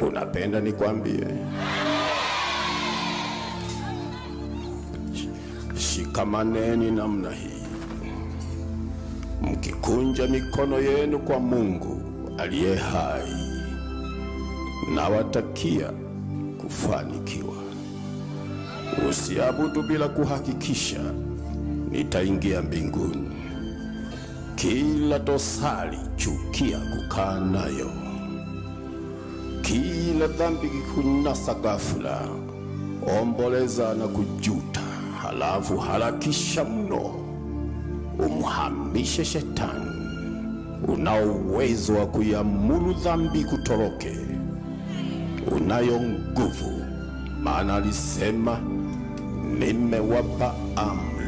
Unapenda nikwambie? Shikamaneni namna hii, mkikunja mikono yenu kwa Mungu aliye hai. Nawatakia kufanikiwa. Usiabudu bila kuhakikisha nitaingia mbinguni. Kila dosari chukia kukaa nayo. Kila dhambi kikunasa ghafula, omboleza na kujuta, halafu harakisha mno umhamishe shetani. Unao uwezo wa kuyamulu dhambi kutoroke, unayo nguvu, maana alisema nimewapa amri